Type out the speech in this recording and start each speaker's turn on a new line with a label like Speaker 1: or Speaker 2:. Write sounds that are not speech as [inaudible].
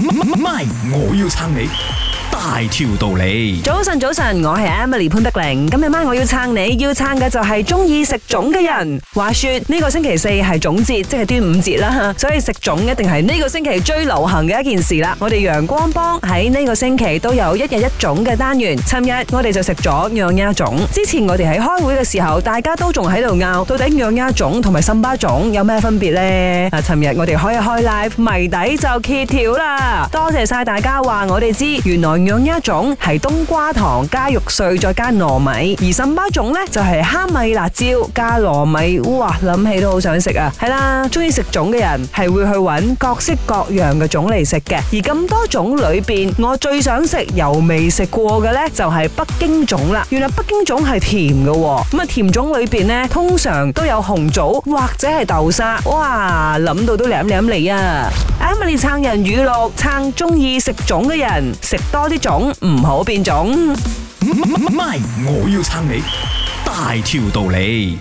Speaker 1: 唔，唔，MY，我要撐你。大條道理，
Speaker 2: 早晨，早晨，我係 Emily 潘德玲，今日晚我要撐你，要撐嘅就係中意食粽嘅人。話說呢個星期四係粽節，即係端午節啦，所以食粽一定係呢個星期最流行嘅一件事啦。我哋陽光幫喺呢個星期都有一日一粽嘅單元。尋日我哋就食咗釀鴨粽，之前我哋喺開會嘅時候，大家都仲喺度拗到底釀鴨粽同埋心巴粽有咩分別呢？啊，尋日我哋開一開 live，謎底就揭曉啦！多謝晒大家話我哋知，原來。有一種係冬瓜糖加肉碎再加糯米，而什巴粽呢就係蝦米辣椒加糯米，哇諗起都好想食啊！係啦，中意食粽嘅人係會去搵各式各樣嘅粽嚟食嘅，而咁多種裏邊，我最想食又未食過嘅呢就係北京粽啦。原來北京粽係甜嘅，咁啊甜粽裏邊呢通常都有紅棗或者係豆沙，哇諗到都舐舐嚟啊！我哋撐人語錄，撐中意食粽嘅人，食多啲粽，唔好變種。唔係， [music] 我要撐
Speaker 1: 你，大條道理。